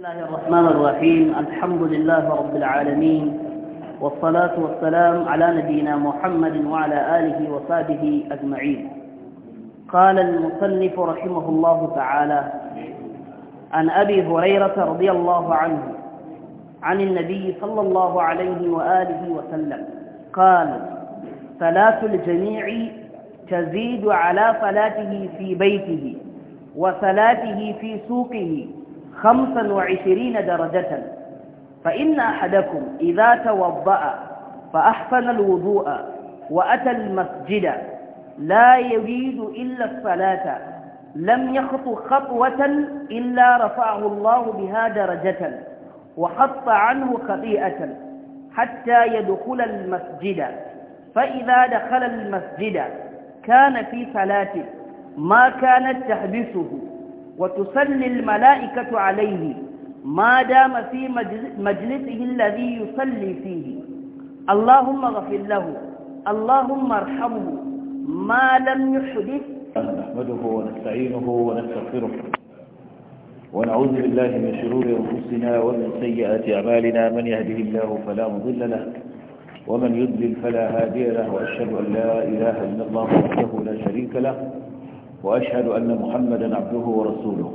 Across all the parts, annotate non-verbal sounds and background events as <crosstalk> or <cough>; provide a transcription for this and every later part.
بسم الله الرحمن الرحيم الحمد لله رب العالمين والصلاة والسلام على نبينا محمد وعلى آله وصحبه أجمعين قال المصنف رحمه الله تعالى عن أبي هريرة رضي الله عنه عن النبي صلى الله عليه وآله وسلم قال صلاة الجميع تزيد على صلاته في بيته وصلاته في سوقه خمسا وعشرين درجة فإن أحدكم إذا توضأ فأحسن الوضوء وأتى المسجد لا يريد إلا الصلاة لم يخط خطوة إلا رفعه الله بها درجة وحط عنه خطيئة حتى يدخل المسجد فإذا دخل المسجد كان في صلاته ما كانت تحبسه وتصلي الملائكة عليه ما دام في مجلسه الذي يصلي فيه اللهم اغفر له اللهم ارحمه ما لم يحدث نحمده ونستعينه ونستغفره ونعوذ بالله من شرور أنفسنا ومن سيئات أعمالنا من يهده الله فلا مضل له ومن يضلل فلا هادي له وأشهد أن لا إله إلا الله وحده لا شريك له وأشهد أن محمدا عبده ورسوله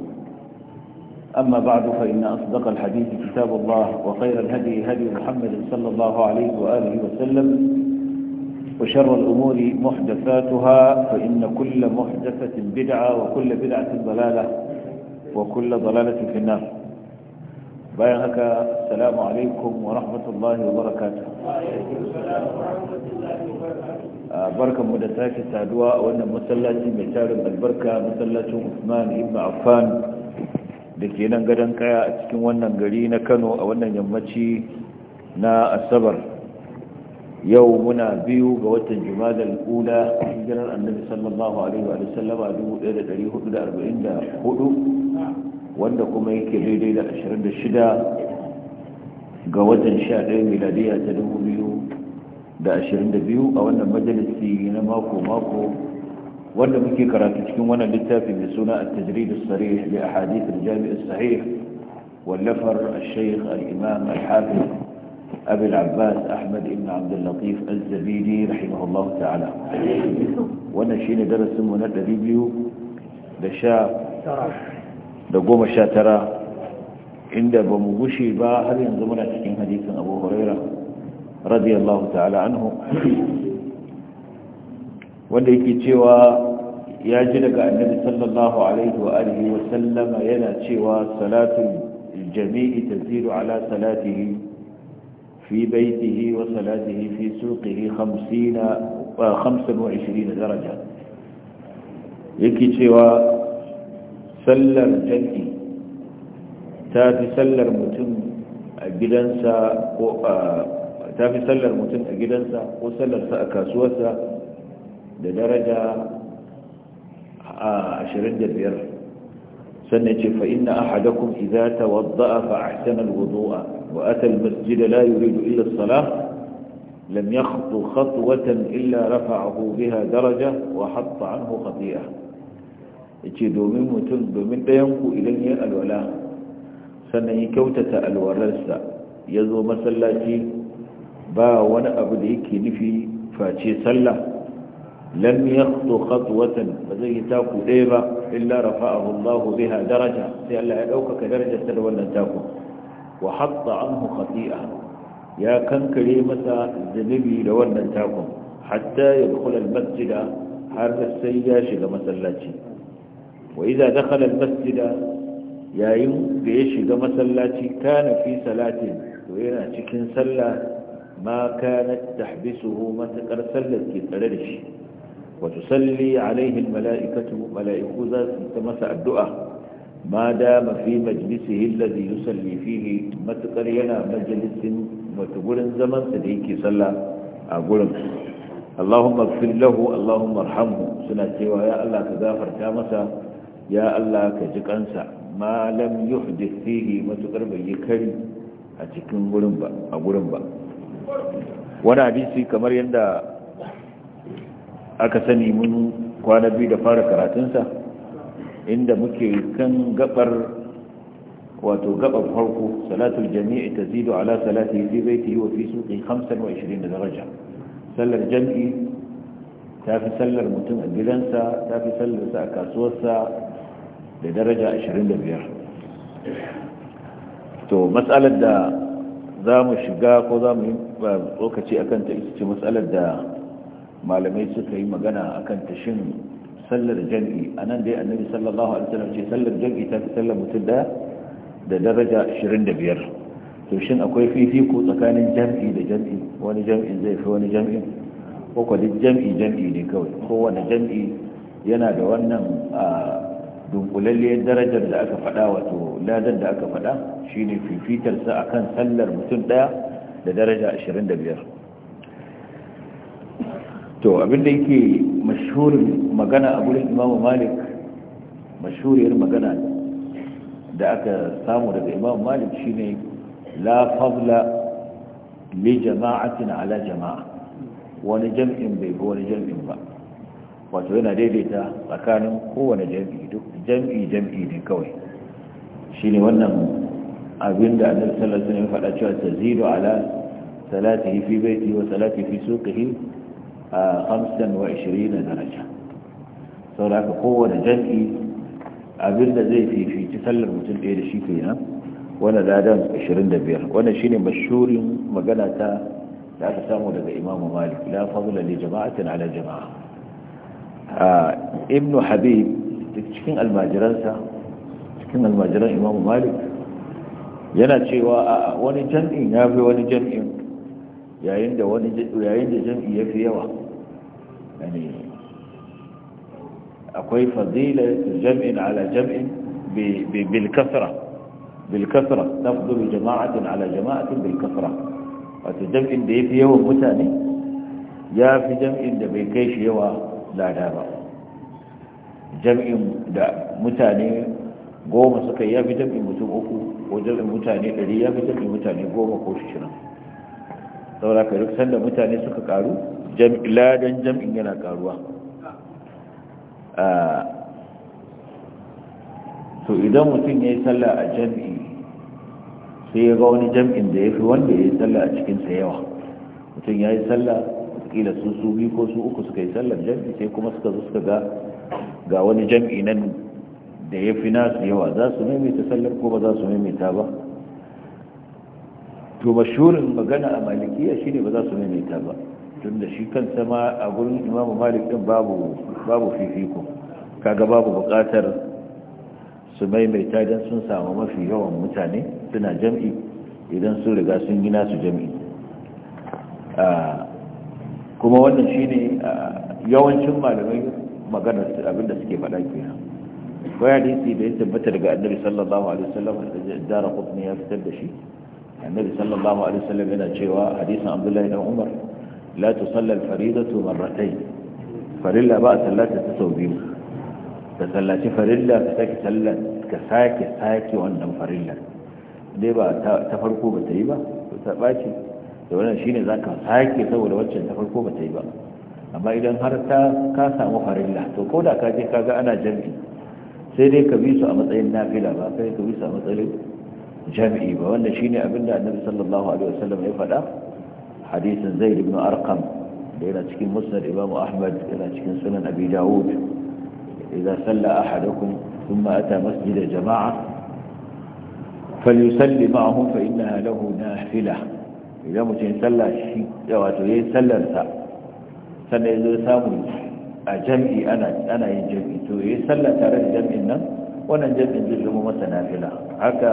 أما بعد فإن أصدق الحديث كتاب الله وخير الهدي هدي محمد صلى الله عليه وآله وسلم وشر الأمور محدثاتها فإن كل محدثة بدعة وكل بدعة ضلالة وكل ضلالة في النار بيانك السلام عليكم ورحمة الله وبركاته وعليكم السلام ورحمة الله وبركاته barka mu da sake saduwa a wannan masallaci mai tarin albarka masallacin usman ibn affan da ke nan gadon kaya a cikin wannan gari na kano a wannan yammaci na asabar yau muna biyu ga watan jumadal ula hijirar annabi sallallahu alaihi wa sallama 1444 wanda kuma yake daidai da 26 ga watan 11 miladiyya ta da 22 a wannan majalisi na mako-mako wanda muke karatu cikin wannan littafi mai suna a tajiridu sarih da ahadithar jami'ar sahih wallafar al-shaykh al-imam al-hafiz abu abbas ahmad ibn abdullatif al-zabidi rahimahullah ta'ala wannan shi ne darasinmu na da sha tara inda ba mu gushe ba har yanzu muna cikin hadisin abu hurairah رضي الله تعالى عنه wanda yake cewa ya ji daga annabi sallallahu alaihi wa alihi wa sallama yana cewa salatul jami'i taziru ala salatihi fi baitihi wa salatihi fi suqihi 50 25 daraja yake cewa sallar jami'i ta fi sallar mutum a gidansa ko a ta fi sallar mutum a gidansa ko sallarsa a kasuwarsa da daraja a 25 sannan ce fa inna ahadakum idza tawadda'a fa ahsana alwudu'a wa ata almasjid la yuridu illa illar salah lam yakhtu khatwatan illa rafa'ahu biha daraja wa hatta anhu khati'ah yace domin mutum domin ɗayanku idan ya alwala sannan ya kyautata alwararsa ya zo masallaci ba wani abu da yake nufi face sallah lam yakhdu khatwatan ba zai yi taku ɗaya ba illa rafa'ahu Allah biha daraja sai Allah ya ɗaukaka daraja ta da wannan taku wa hatta anhu khati'a ya kankare masa zunubi da wannan takun hatta yadkhula al-masjida har sai ya shiga masallaci wa idza dakhala al-masjida yayin da ya shiga masallaci kana fi salatin to yana cikin sallah ma kanat tahbisuhu matakar sallar ke tsare da shi wa tusalli alaihi almala'ikatu mala'iku za su ta masa addu'a ma dama fi majlisihi alladhi yusalli fihi matakar yana majalisin wato gurin zaman sa da yake sallah a gurin Allahumma ighfir lahu Allahumma arhamhu suna cewa ya Allah ka gafarta masa ya Allah ka ji kansa ma lam yuhdith fihi matakar bai yi kari a cikin gurin ba a gurin ba wani hadisi kamar yadda aka sani mun kwana biyu da fara karatunsa inda muke kan gabar wato gabar farko salatul jami'i zido ala salati ta yi wa fi suqi 25 daraja sallar jami'i ta fi sallar mutum a gidansa ta fi sallarsa a kasuwarsa da daraja 25 to matsalar da za mu shiga ko za mu yi lokaci a kanta ita ce matsalar da malamai suka yi magana a kan shin sallar jam'i a nan dai annabi sallallahu alaihi wasallam ce sallar jam'i ta fi sallar mutum da da daraja 25 to shin akwai fifiko tsakanin jam'i da jam'i wani jam'in zai fi wani jam'in ko kwa jam'i jam'i ne kawai kowane jam'i yana da wannan ah, dunkulalliyar darajar da aka faɗa wato ladar da aka faɗa shine fifitarsa a kan sallar mutum ɗaya da daraja 25 to abinda yake mashhurin magana a gurin imamu malik mashhuriyar magana da aka samu daga imamu malik shine la fadla li jama'atin ala jama'a wani jam'in bai ga wani jam'in ba wato yana daidaita tsakanin kowane jam'i duk jam'i jam'i ne kawai shine wannan abin da annabi sallallahu alaihi wasallam ya faɗa cewa tazidu ala salatihi fi baiti wa salati fi suqihi 25 daraja saboda kowane jam'i abin da zai fifici sallar mutum ɗaya da shi kenan wannan ladan 25 wannan shine mashhurin magana ta da aka samu daga imamu malik la fadla li jama'atin ala jama'a ibnu habib cikin almajiransa cikin almajiran Imam malik yana cewa wani jam'in ya fi wani jam'in yayin da jam'in ya fi yawa akwai fazila jam'in ala jam'in bilkasra bilkasra na fudu jama'atin ala jama'atin bilkasra wato jam'in da ya fi yawan mutane ya fi jam'in da bai kai shi yawa lada ba jam'in da mutane goma suka yi ya fi jam'in mutum uku ko jam'in mutane ɗari ya fi jam'in mutane goma ko shi shirin saboda ka duk sanda mutane suka karu ladan jam'in yana karuwa to idan mutum ya yi sallah a jam'i sai ya ga wani jam'in da ya fi wanda ya yi sallah a cikinsa yawa mutum ya yi sallah kila su su biyu ko su uku suka yi sallar jam'i sai kuma suka zo suka ga ga wani jam'i nan da ya fi nasu yawa za su maimaita sallar ko ba za su maimaita ba to mashurin magana a malikiya shi ne ba za su maimaita ba tun da shi kan sama a gurin imamu malik din babu babu fifiko kaga babu buƙatar su maimaita don sun samu mafi yawan mutane suna jam'i idan sun riga sun gina su jam'i ah, kuma wannan shine yawancin malamai maganar abinda suke faɗa kenan ko hadisi da ya tabbata daga annabi sallallahu alaihi wasallam da dara qutni ya fitar da shi annabi sallallahu alaihi wasallam yana cewa hadisin abdullahi dan umar la tusalla al-faridatu marratayn farilla ba sallata ta sau biyu ka sallaci farilla ka sake sallar ka sake sake wannan farilla dai ba ta farko ba ta yi ba ta ɓaci da wannan shine zaka sake saboda waccan ta farko ba ta yi ba amma idan har ta ka samu farilla to ko da ka je ka ga ana jami'i sai dai ka bi su a matsayin nafila ba kai ka bi su a matsayin jami'i ba wannan shine abin da annabi sallallahu alaihi wasallam ya faɗa hadisin zaid ibn arqam da yana cikin musnad imamu ahmad yana cikin sunan abi dawud idza salla ahadukum thumma ata masjida jama'a falyusalli ma'ahum fa innaha lahu nafilah idan mutum ya sallah shi ya wato ya yi sallarsa sannan ya zo samun a jam'i ana yin jam'i to ya yi sallah tare da jam'in nan wannan jam'in zai zama masa nafila haka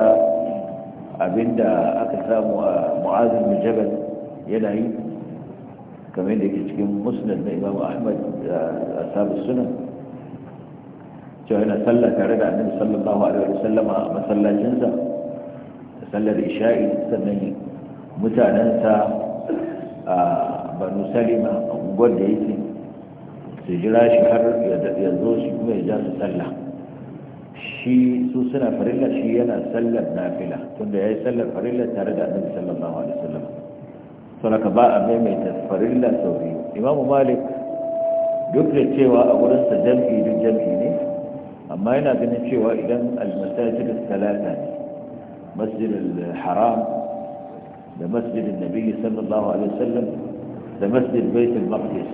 abinda aka samu a mu'azin mujabal yana yi kamar yadda yake cikin musnad na imamu ahmad a sabu sunan cewa yana sallah tare da annabi sallallahu alaihi wasallama a masallacinsa sallar isha'i sannan mutanensa a banu salima a unguwar da yake su jira shi har ya zo shi kuma ya ja su sallah shi su suna farilla shi yana sallar nafila tunda ya yi sallar farilla tare da annabi sallallahu alaihi wasallam saboda ba a maimaita farilla sau biyu imamu malik duk da cewa a wurin sa jam'i duk jam'i ne amma yana ganin cewa idan al-masajid salata ne masjid al-haram da masjidin nabi sallallahu alaihi wasallam da masjid baitul maqdis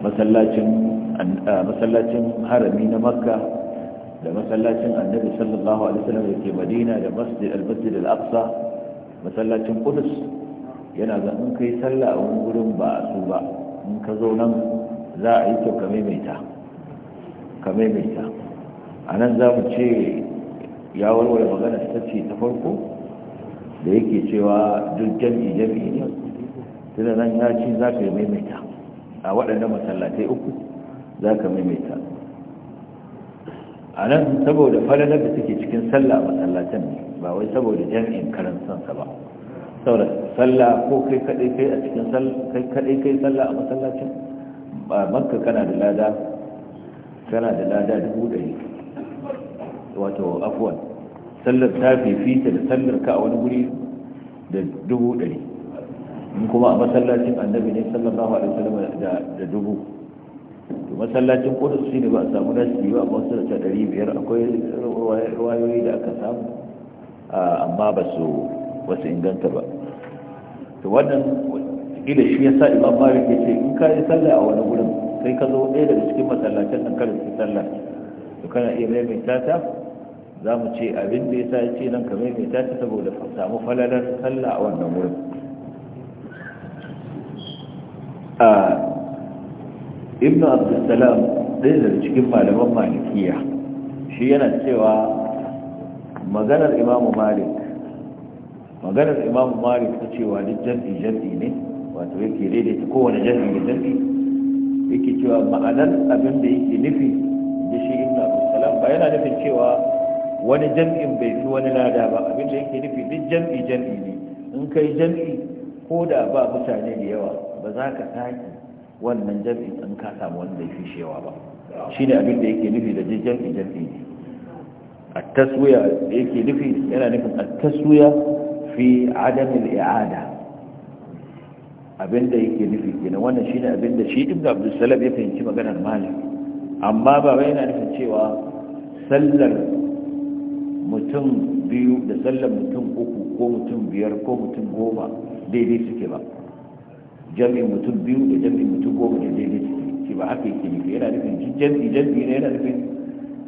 masallacin harami na makka da masallacin annabi sallallahu alaihi wasallam da ke madina da masjid al-masjid al-aqsa masallacin qudus yana ga in kai sallah a wani ba su ba in ka zo nan za a yi ka maimaita a nan za mu ce ya warware magana ta ce ta farko da yake cewa duk jami'i jami'i ne tunda nan ya ci za ka yi maimaita a waɗannan masallatai uku za ka maimaita a nan saboda falalar da suke cikin sallah a masallatan ne ba wai saboda jami'in karan sansa ba saboda sallah ko kai kaɗai kai a cikin kai kaɗai kai sallah a masallacin ba makka kana da lada kana da lada dubu ɗari wato afuwan sallar ta fifita da sallar ka a wani guri da dubu ɗari in kuma a masallacin annabi ne sallallahu alaihi wasallam da dubu to masallacin kudus su ne ba a samu nasi ba amma suna da ɗari biyar akwai ruwayoyi da aka samu amma ba su wasu inganta ba to wannan ila shi ya sa imam malik ya ce in ka yi sallah a wani gurin sai ka zo ɗaya daga cikin masallacin nan kada su sallah to kana iya maimaita ta za mu ce abin da ya sa ce nan kamar mai tashi saboda samu falalar sallah a wannan wurin a ibn abdulsalam ɗaya daga cikin malaman malikiya shi yana cewa maganar imamu malik maganar imamu malik ta cewa duk jam'i jam'i ne wato yake daidaita kowane jam'i da jam'i yake cewa ma'anar abin da yake nufi da shi ibn abdulsalam ba yana nufin cewa wani jam'in bai fi wani lada ba abin da yake nufi duk jam'i jam'i ne in kai jam'i ko da ba mutane da yawa ba za ka sake wannan jam'in in ka samu wani da fi shewa ba shi ne abin da yake nufi da duk jam'i jam'i ne a taswiya da yake nufi yana nufin a taswiya fi adamin i'ada abin da yake nufi kenan wannan shine abin da shi ibnu abdussalam ya fahimci maganar malik amma ba yana nufin cewa sallar mutum biyu da sallar mutum uku ko mutum biyar ko mutum goma daidai suke ba jami'in mutum biyu da jami'in mutum goma da daidai suke ce ba haka yake nufi yana nufin jami'i jami'i ne yana nufin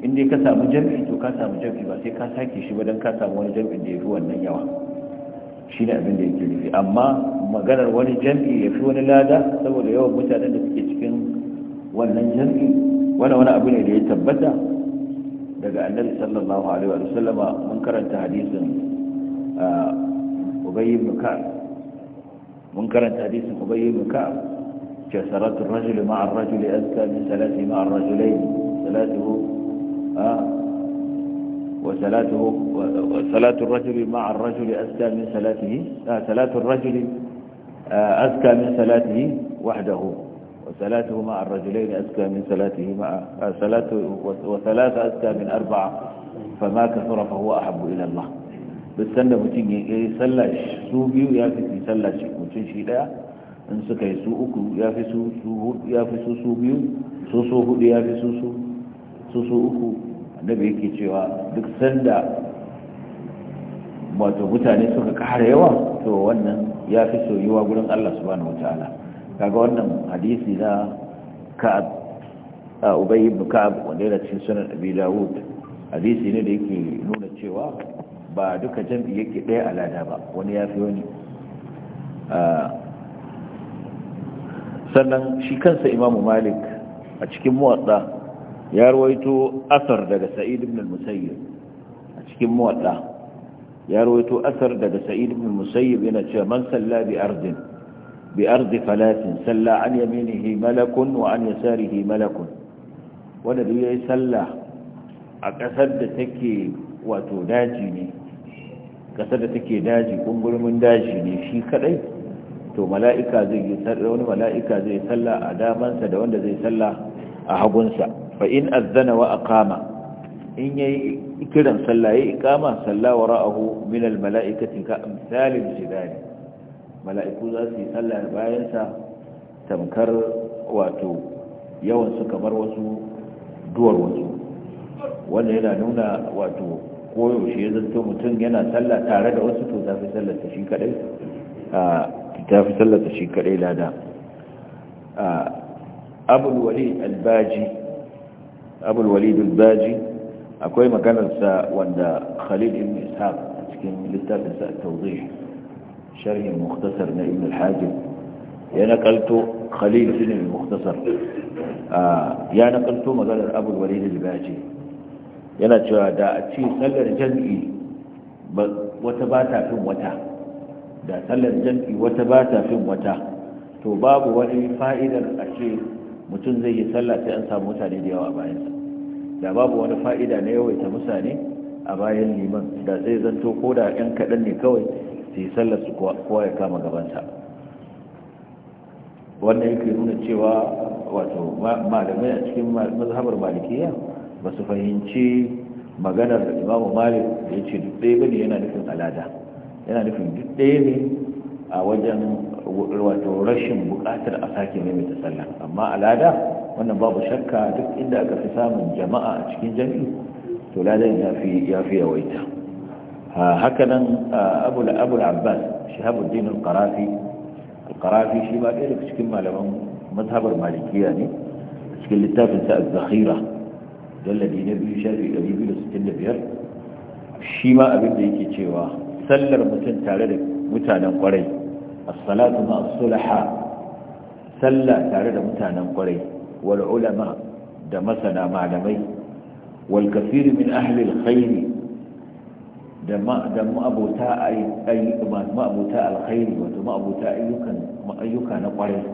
in dai ka samu jami'i to ka samu jami'i ba sai ka sake shi ba don ka samu wani jami'in da ya fi wannan yawa shi ne abin da yake nufi amma maganar wani jami'i ya fi wani lada saboda yawan mutanen da suke cikin wannan jami'i wani wani abu ne da ya tabbata daga annabi sallallahu alaihi wa sallam mun karanta hadisin ubay ibn ka'ab mun karanta hadisin ubay ibn ka'ab jasarat ar-rajul ma'a ar-rajul azka min salati ma'a ar-rajulayn salatuhu وصلاته وصلاة الرجل مع الرجل أزكى من صلاته صلاة الرجل أزكى من صلاته وحده وثلاثه مع الرجلين أزكى من ثلاثه مع ثلاثه وثلاثة أزكى من أربعة فما كثر فهو أحب إلى الله بالسنة متين يسلى سو بيو يافس يسلى متين شيء لا إن سكي سو أكو يافس سو يافس سو بيو سو سو هو يافس سو سو سو أكو النبي يكي cewa duk sanda wato mutane suka kara yawa to wannan ya fi soyuwa gurin Allah subhanahu wataala kaga wannan hadisi na ka a ubayi ibn ka'ab wanda yana cikin sunan abi dawud hadisi ne da yake nuna cewa ba duka jam'i yake ɗaya alada ba wani ya fi wani sannan shi kansa imamu malik a cikin muwadda ya rawaito asar daga sa'id ibn al-musayyib a cikin muwadda ya rawaito asar daga sa'id ibn al-musayyib yana cewa man salla bi ardin بأرض فلاة سلى عن يمينه ملك وعن يساره ملك ونبي يسلى أكثر تكي وتناجني kasar da take daji kungurmin daji ne shi kadai to mala'ika zai yi wani mala'ika zai sallah a damansa da wanda zai sallah a hagunsa fa in azzana wa aqama in yayi kiran sallah yayi iqama sallawa ra'ahu min al mala'ikati ka amsalil jidali mala'iku za su yi sallah bayansa tamkar wato yawan su kamar wasu duwar wasu wanda yana nuna wato koyaushe ya zanto mutum yana sallah tare da wasu to ta fi kadai shi kadai lada abul albaji akwai maganarsa wanda khalid ibn ishaq cikin littafinsa a tawdih sharhin muktasar na ibn al ya nakalto khalil bin muktasar ya nakalto maganar abu walid al-baji yana cewa da a ce sallar jami'i wata ba fin wata to babu wani fa'idar a ce mutum zai yi sallah sai an samu mutane da yawa bayansa da babu wani fa'ida na yawaita mutane a bayan liman da zai zanto ko da 'yan kaɗan ne kawai su yi sallar su kowa ya kama gabansa wannan yake nuna cewa wato malamai a cikin mazhabar malikiya ba su fahimci maganar da imamu malik da ya ce duk ɗaya bane yana nufin alada yana nufin duk ɗaya ne a wajen wato rashin buƙatar a sake maimaita sallah amma alada wannan babu shakka duk inda aka fi samun jama'a a cikin jami'i to ladan ya fi yawaita hakanan abul abul abbas shahabuddin al-qarafi al-qarafi shi ba ɗaya daga cikin malaman mazhabar malikiya ne cikin littafin sa az-zakhira jalladi na biyu shafi 265 shi ma abin da yake cewa sallar mutum tare da mutanen kwarai as-salatu ma as-sulaha sallar tare da mutanen kwarai wal ulama da masana malamai wal kafiri min ahli al-khair da ma'abota alkhairi wato ma'abota ayyuka na kwarai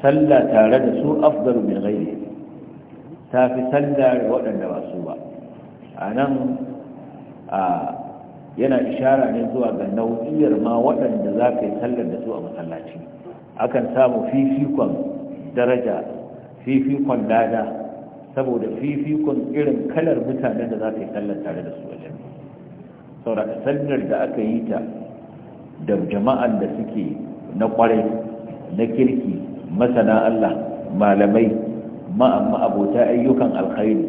salla tare da su afdalu min ghairi ta fi salla waɗanda ba su ba a nan yana ishara ne zuwa ga nau'iyar ma waɗanda za ka yi sallar da su a masallaci akan samu fifikon daraja fifikon dada, saboda fifikon irin kalar mutanen da za ka yi sallar tare da su a sauraka sallar da aka yi ta da jama'an da suke na kwarai na kirki masana Allah malamai ma'amma abota ayyukan alkhairi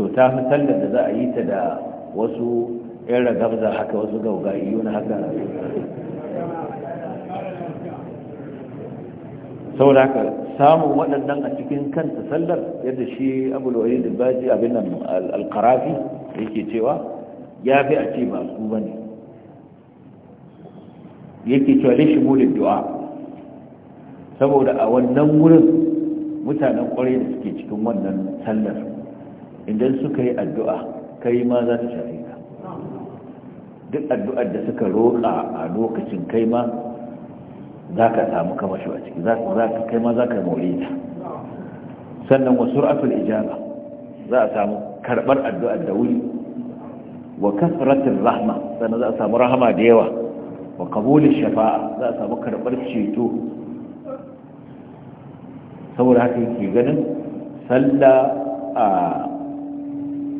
to ta fi da za a yi ta da wasu yan gabza haka wasu gaugayi na haka da haka samun waɗannan a cikin kanta sallar yadda shi abu da baji abin nan alkarafi yake cewa ya fi a ce ba su ba ne yake cewa ne mulin du'a saboda a wannan wurin mutanen kwarai da suke cikin wannan sallar idan suka yi addu'a kai ma za ta shafe ka duk addu'ar da suka roƙa a lokacin kai ma za ka samu shi a ciki kai ma za ka maure ta sannan wasu ra'atul ijaba za a samu karɓar addu'ar da wuri wa kasratin rahma sannan za a samu rahama da yawa wa kabulin shafa'a za a samu karɓar ceto saboda haka yake ganin salla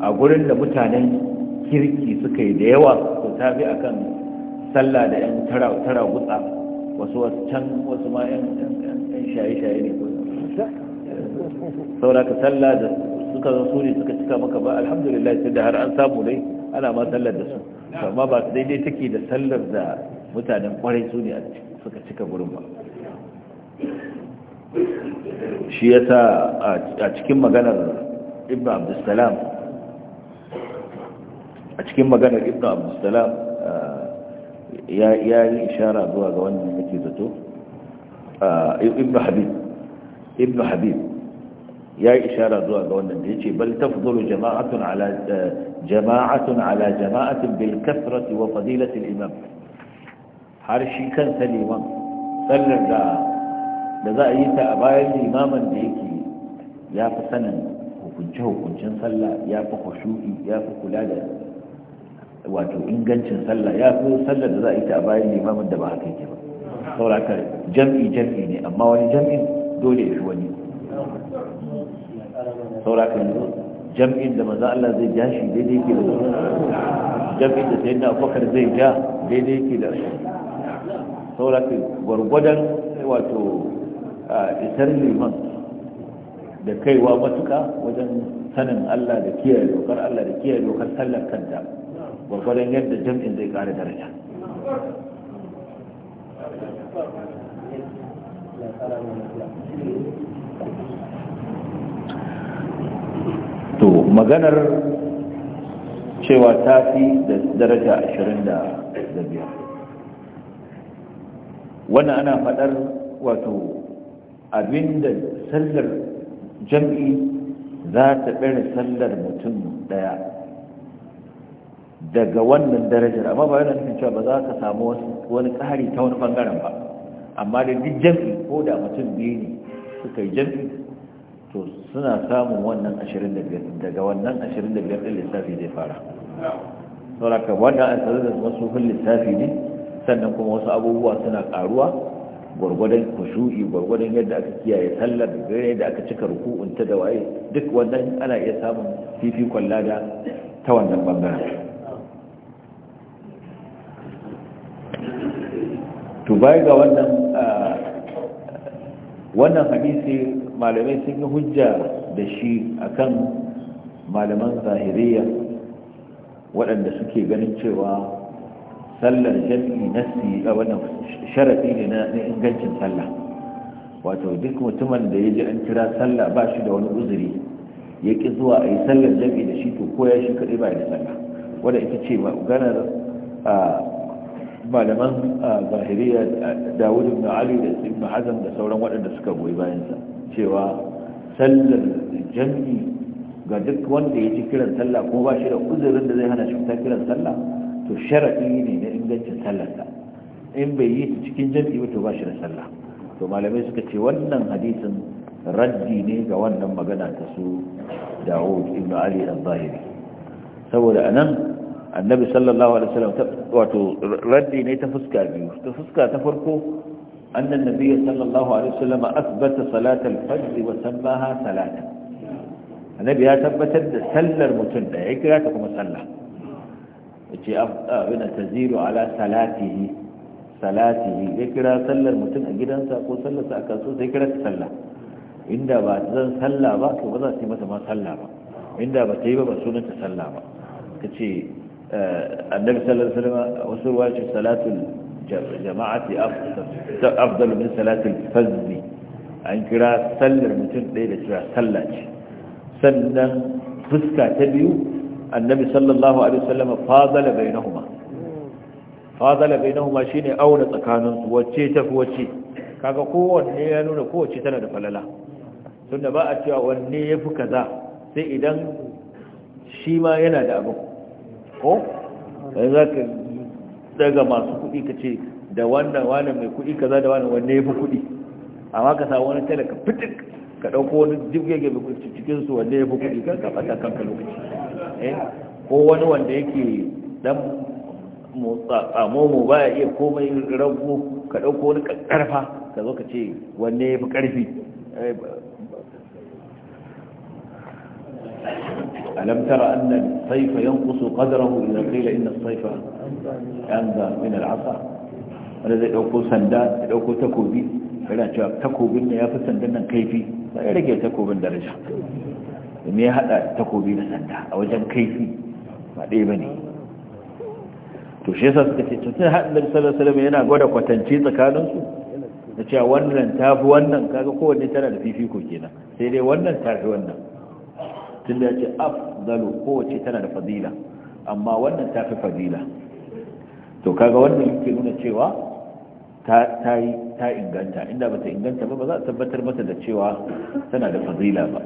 a gurin da mutanen kirki suka yi da yawa to tafi a akan salla da yan tara gutsa wasu can wasu ma yan shaye-shaye ne saboda haka salla da suka zo su ne suka cika maka ba alhamdulillah sai da har an samu dai ana ma sallar da su amma ba su daidai take da sallar da mutanen kwarai su ne suka cika gurin ba shi ya sa a cikin maganar ibn abdulsalam a cikin maganar ibn abdulsalam ya yi ishara zuwa ga wannan yake ke zato ibn habib ibn habib ya yi ishara zuwa ga wannan da ya ce bal tafdulu jama'atun ala eh, jama'atun ala jama'atin bil kasrati wa fadilati imam har shi kan saliman, sallar da da za a yi ta a bayan limaman da yake ya fi sanin hukunce hukuncin sallah ya fi khushu'i ya fi kula da wato ingancin sallah ya fi sallar da za a yi ta a bayan limaman da ba haka yake ba saboda jam'i jam'i ne amma wani jam'i dole ya fi wani saura kan yanzu jam'in da maza Allah zai ja shi daidai ke da su, jam'in da sayyidina abubakar zai ja daidai ke da saura kan gwargwadon wato isar liman da kaiwa matuka wajen sanin Allah da kiyaye dokar Allah da kiyaye dokar sallar kanta gwargwadon yadda jam'in zai kara daraja Thank you. to maganar cewa ta fi da daraja ashirin da biyar wannan ana faɗar wato abinda sallar jam'i za ta ɗara sallar mutum ɗaya daga wannan darajar amma ba yana nufin cewa ba za ka samu wani ƙari ta wani ɓangaren ba amma da duk jam'i ko da mutum biyu ne suka yi jam'i to suna samun wannan 25 daga wannan 25 ɗin lissafi zai fara sauraka wannan an da masu fin lissafi ne sannan kuma wasu abubuwa suna karuwa gwargwadon kushu'i gwargwadon yadda aka kiyaye sallar gare da aka cika ruku'unta da waye duk wannan ana iya samun kwalla da ta wannan bangaren to bai ga wannan wannan hadisi malamai sun yi hujja da shi akan malaman zahiriya waɗanda suke ganin cewa sallar jami'i nassi a wannan sharaɗi ne na ingancin sallah wato duk mutumin da ya ji an kira sallah ba shi da wani uzuri ya ƙi zuwa a yi sallar jami'i da shi to koya shi kaɗai ba da sallah wadda ita ce maganar malaman zahiriya dawud ibn ali da ibn hazm da sauran waɗanda suka goyi bayansa cewa sallar jam'i ga duk wanda ya ci kiran sallah ko ba shi da uzurin da zai hana shi ta kiran sallah to sharaɗi ne na ingancin sallarsa in bai yi ta cikin jam'i ba to ba shi da sallah to malamai suka ce wannan hadisin raddi ne ga wannan magana ta su dawo ibn ali al-zahiri saboda anan annabi sallallahu alaihi wasallam wato raddi ne ta fuska biyu ta fuska ta farko annan nabi sallallahu alaihi wasallam asbata salatal fajr wa sammaha salata, annabi ya tabbatar da sallar mutum da ya kira ta kuma sallah yace abin taziru ala salatihi salatihi ya kira sallar mutum a gidansa ko sallar sa a kasuwa sai kira ta sallah inda ba zan sallah ba to ba za ta yi masa ma sallah ba inda ba ta yi ba ba sunanta sallah ba kace annabi sallallahu alaihi wasallam wasu ruwaci salatul jama'ati afdalu min salatul fazzi an kira sallar mutum ɗaya da cewa sallah sannan fuska ta biyu annabi sallallahu alaihi wasallam fadala bainahuma fadala bainahuma shine aure tsakanin wacce tafi wacce kaga kowanne ya nuna kowace tana da falala tunda ba a cewa wanne yafi kaza sai idan shi ma yana da abu ko sai za ka daga masu kuɗi ka ce da wannan wani mai kuɗi ka za da wani wanne ya fi kuɗi amma ka sa wani talaka fitik ka ɗauko wani jirgege mai kuɗi cikin su wanne ya fi kuɗi kan ka ɓata kanka lokaci eh? ko wani wanda yake dan tsamo mu ba ya iya komai rago ka ɗauko wani ƙarfa ka zo ka ce wanne ya fi ƙarfi eh, ألم ترى أن السيف ينقص قدره إذا قيل إن السيف أنذى من العصا wanda zai ɗauko sanda ya ɗauko takobi yana takobin ne ya fi sandan nan kaifi sai rage takobin daraja domin ya haɗa takobi da sanda a wajen kaifi ba ɗaya ba ne to shi yasa suka ce tutun haɗin sallallahu alaihi yana gwada kwatance tsakaninsu da a wannan tafi wannan kowanne tana da fifiko kenan sai dai wannan tafi wannan tun da ya ce afdalu kowace tana da fadila amma wannan ta fi fadila to kaga wannan yake nuna cewa ta inganta inda ba ta inganta ba ba za a tabbatar mata da cewa tana da fadila ba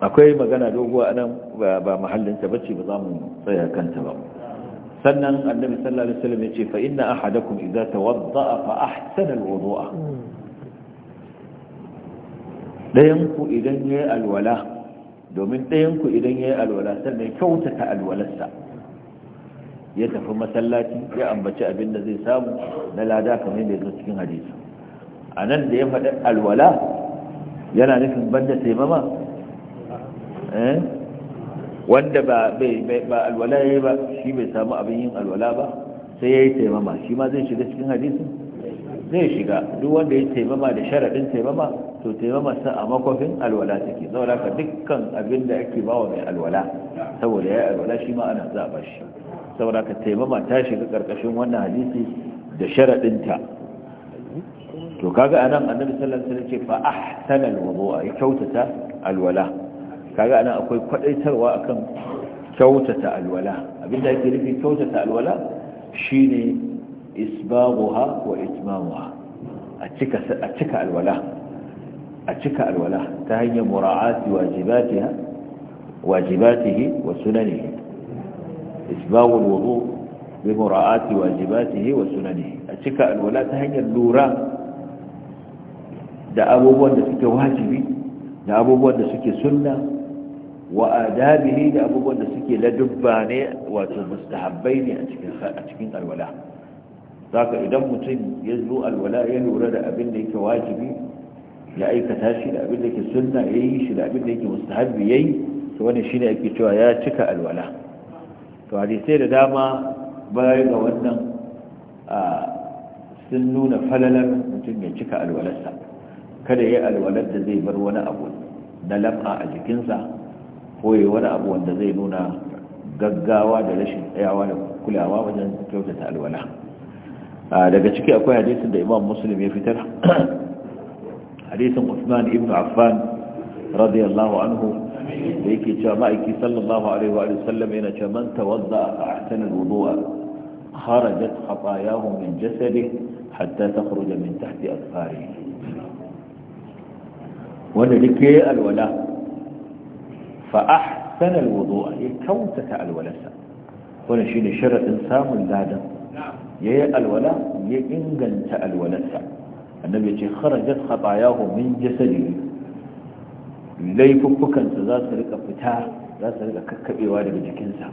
akwai magana doguwa nan ba mahallinta bace ba za mu tsaya kanta ba sannan annabi sallallahu alaihi wasallam ya ce fa inna ahadakum idza tawadda'a fa ahsana alwudu'a hmm. ɗayanku idan ya yi alwala domin ɗayanku idan ya yi alwala sannan kyautata alwalarsa ya tafi masallaci ya ambaci abin da zai samu na lada kamar yadda ya cikin hadisi a nan da ya faɗi alwala yana nufin banda taimama eh? wanda ba alwala ya yi ba shi bai samu abin yin alwala ba sai ya yi taimama shi ma zai shiga cikin hadisin zai shiga duk wanda ya taimama da sharaɗin taimama to sa a makwafin alwala take saboda ka dukkan abin da ake bawa mai alwala saboda ya alwala shi ma ana za bashi saboda ka taimama ta shiga karkashin wannan hadisi da sharaɗinta to kaga anan annabi sallallahu alaihi ce fa ahsana alwudu'a ya kyautata alwala kaga anan akwai kwadaitarwa akan kyautata alwala abinda yake nufi kyautata alwala shine isbaguha wa itmamuha a cika a cika alwala a cika alwala ta hanyar mura'ati wajibatiha wajibatihi wa sunanihi isbagul wudu bi mura'ati wajibatihi wa sunanihi a cika alwala ta hanyar lura da abubuwan da suke wajibi da abubuwan da suke sunna wa adabihi da abubuwan da suke ladubba ne wato mustahabbai ne a cikin a cikin alwala zaka idan mutum ya zo alwala ya lura da abin da yake wajibi ya aikata shi da abin da ke sunna ya yi shi da abin da ke mustahabbi ya yi to wani shi ne ake cewa ya cika alwala to hadisai da dama baya ga wannan sun nuna falalar mutum ya cika alwalarsa kada ya yi alwalar da zai bar wani abu na lam'a a jikinsa ko ya wani abu wanda zai nuna gaggawa da rashin tsayawa da kulawa wajen kyautata alwala daga ciki akwai hadisin da imam muslim ya fitar حديث عثمان بن عفان رضي الله عنه ليكي جمائك صلى الله عليه وآله وسلم إن جمن توضى أحسن الوضوء خرجت خطاياه من جسده حتى تخرج من تحت أطفاره ونلك الولاء فأحسن الوضوء يكونت الولاء ونشين شرع إنسان لادا يا الولاء ينقلت الولاء annabi ce kharajat khatayahu min jasadihi laifuffukansa za su rika fita za su rika kakkabewa daga jikinsa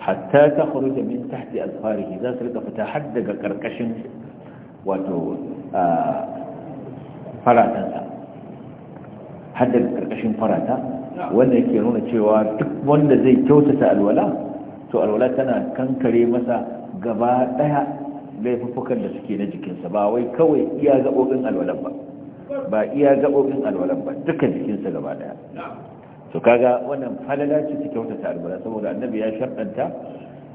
hatta ta kharuja min tahti azfarihi za su rika fita har daga karkashin wato faratansa har daga karkashin farata wanda yake nuna cewa duk wanda zai kyautata alwala to alwala tana kankare masa gaba daya laifuffukan da suke na jikinsa ba wai kawai iya gaɓoɓin alwalan ba ba iya gaɓoɓin alwalan ba dukkan jikinsa gaba ɗaya to kaga wannan falala ce ta kyautata alwala saboda annabi ya sharɗanta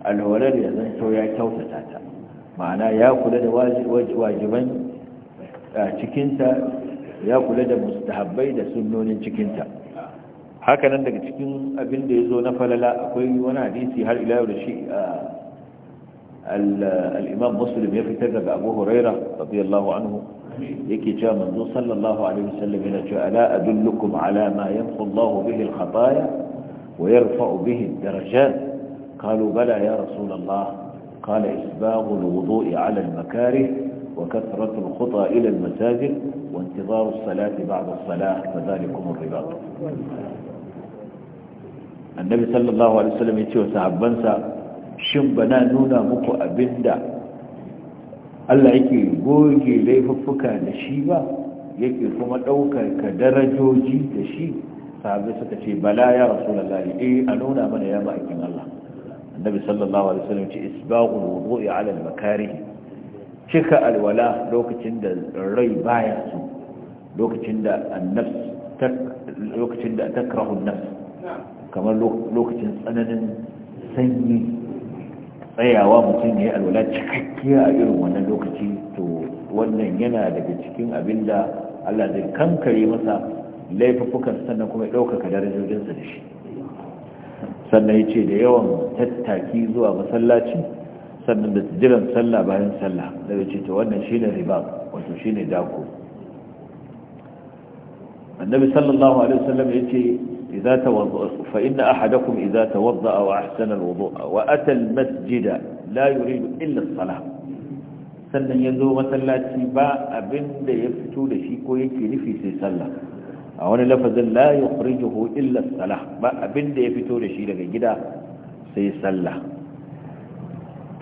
alwalar ya zan to ya kyautata ta ma'ana ya kula da wajiban cikinta ya kula da mustahabbai da sunnonin cikinta hakanan daga cikin abin da ya zo na falala akwai wani hadisi har ila yau da shi الإمام مسلم تجرب أبو هريرة رضي الله عنه يكي جاء منذ صلى الله عليه وسلم إلى جاء لا أدلكم على ما يمحو الله به الخطايا ويرفع به الدرجات قالوا بلى يا رسول الله قال إسباغ الوضوء على المكاره وكثرة الخطى إلى المساجد وانتظار الصلاة بعد الصلاة فذلكم الرباط النبي صلى الله عليه وسلم يتشوى بنسى shin bana nuna muku abinda Allah yake goge laifuffuka da shi ba yake kuma ɗaukar ka darajoji da shi sahabai suka ce bala ya rasu da rasulallah eh a nuna mana ya ma'aikin Allah annabi sallallahu alaihi wasallam ce isbaqul wudu'i ala al-makari cika alwala lokacin da rai baya su lokacin da annafs lokacin da takrahu an-nafs kamar lokacin tsananin sanyi tsayawa mutum ya yi alwala cikakkiya a irin wannan lokaci to wannan yana daga cikin abin da Allah zai kankare masa laifukan sannan kuma ya ɗaukaka darajojinsa da shi sannan ya ce da yawan tattaki zuwa masallaci sannan da jiran sallah bayan sallah ya ce to wannan shi ne riba wato ne dako annabi sallallahu alaihi wasallam ya ce إذا توضأ فإن أحدكم إذا توضأ وأحسن الوضوء وأتى المسجد لا يريد إلا الصلاة sannan ya zo masallaci ba abin ya fito da ko yake nufi sai sallah a wani lafazin la yukhrijuhu illa salah ba abin da ya fito da daga gida sai sallah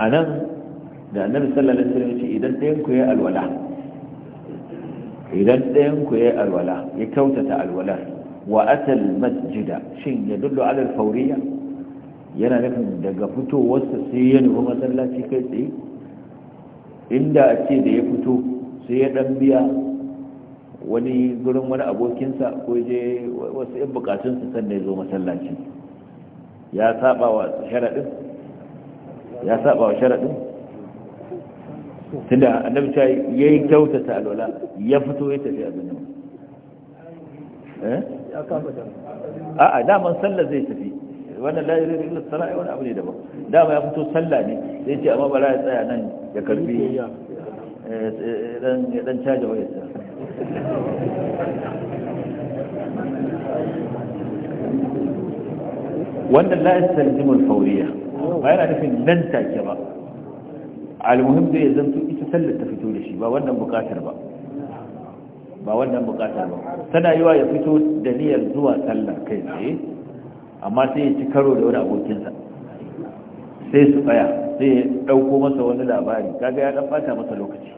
anan da annabi sallallahu alaihi wasallam idan ku ya ya kyautata wa atal masjida shin ya dullo alal fauriya yana nufin daga fitowarsa sai ya nufi masallaci kai tsaye inda a ce da ya fito sai ya dan biya wani gurin wani abokinsa ko je wasu yan bukatunsa sannan ya zo masallaci ya saba wa sharaɗin ya saba wa sharaɗin tunda annabi ya yi kyautata alwala ya fito ya tafi a nan a'a daman sallah zai tafi wannan la yuridu illa sala'i wani abu ne daban dama ya fito sallah ne zai ce amma bara ya tsaya nan ya karbi dan dan caja wayarsa wannan la yastalzimu al-fawriya ba yana nufin nan take ba al-muhim dai ya zanto ita sallar ta fito da shi ba wannan bukatar ba ba wannan bukatar ba tana yiwa ya fito da niyyar zuwa sallah kai tsaye amma sai ya ci karo da wani abokinsa sai su tsaya sai ya ɗauko masa wani labari kaga ya ɗan masa lokaci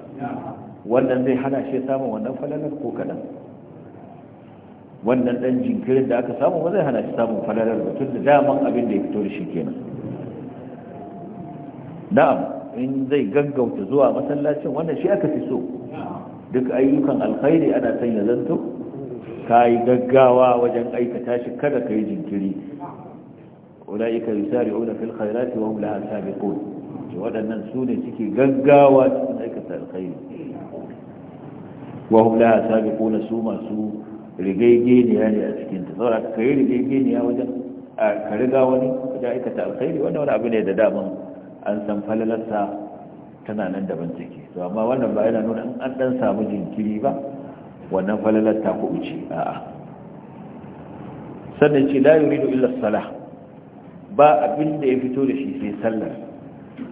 wannan zai hana shi samun wannan falalar ko kaɗan wannan ɗan jinkirin da aka samu ba zai hana shi samun falalar ba tun da daman abin da ya fito da shi kenan na'am in zai gaggauta zuwa masallacin wannan shi aka fi so duk ayyukan alkhairi ana son ya zanto ka yi gaggawa wajen aikata shi kada ka yi jinkiri ulaika yusari'una fil khairati wa hum laha sabiqun waɗannan su ne suke gaggawa cikin aikata alkhairi wa hum laha sabiquna su masu rigegeniya ne a cikin ta saboda ka yi rigegeniya wajen ka riga wani wajen aikata alkhairi wannan wani abu ne da daman an san falalarsa tana nan daban ciki to amma wannan ba yana nuna in an dan samu jinkiri ba wannan falalar ta ku uce a'a sannan ce la yuridu illa salah ba abin da ya fito da shi sai sallar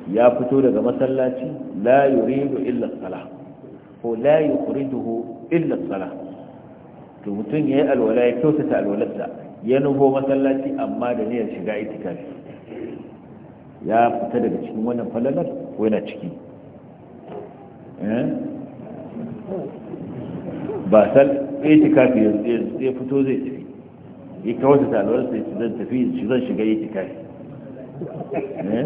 ya fito daga masallaci la yuridu illa salah ko la yuriduhu illa salah to mutum yayi alwala ya kyautata alwalarsa ya nufo masallaci amma da niyyar shiga itikafi ya fita daga cikin wannan falalar ko yana ciki Eh? ba sal kafi ya fito zai tafi ya kawo ta alwar sai su zan tafi su zan shiga kafi eh?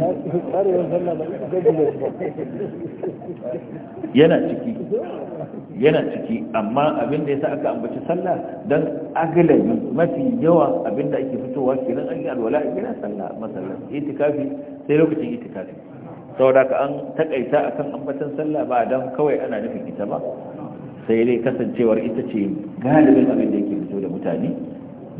yana ciki yana ciki amma abinda ya sa aka ambaci sallah don agalabi mafi yawa abinda ake fitowa kenan an yi alwala a gina sallah masallah kafi sai lokacin kafi. saboda ka an takaita akan ambatan sallah ba dan kawai ana nufin ita ba sai dai kasancewar ita ce galibin abin da yake fito da mutane